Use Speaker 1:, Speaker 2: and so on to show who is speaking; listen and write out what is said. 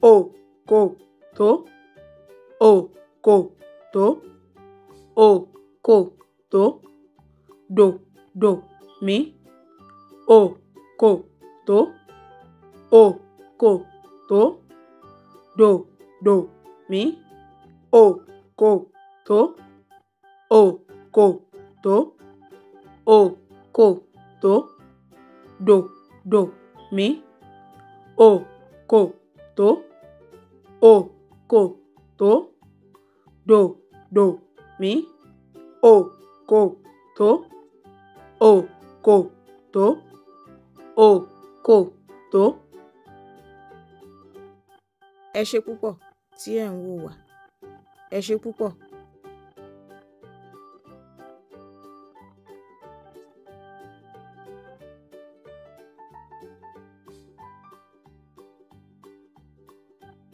Speaker 1: o ko to o ko o ko to do do mi o ko to o ko to do do mi o ko to o ko to o ko to do do mi o ko to o ko to do do mí o ko to o ko to o ko to.
Speaker 2: ẹ ṣé púpọ̀ tí ẹ̀ ń wò wá ẹ ṣé púpọ̀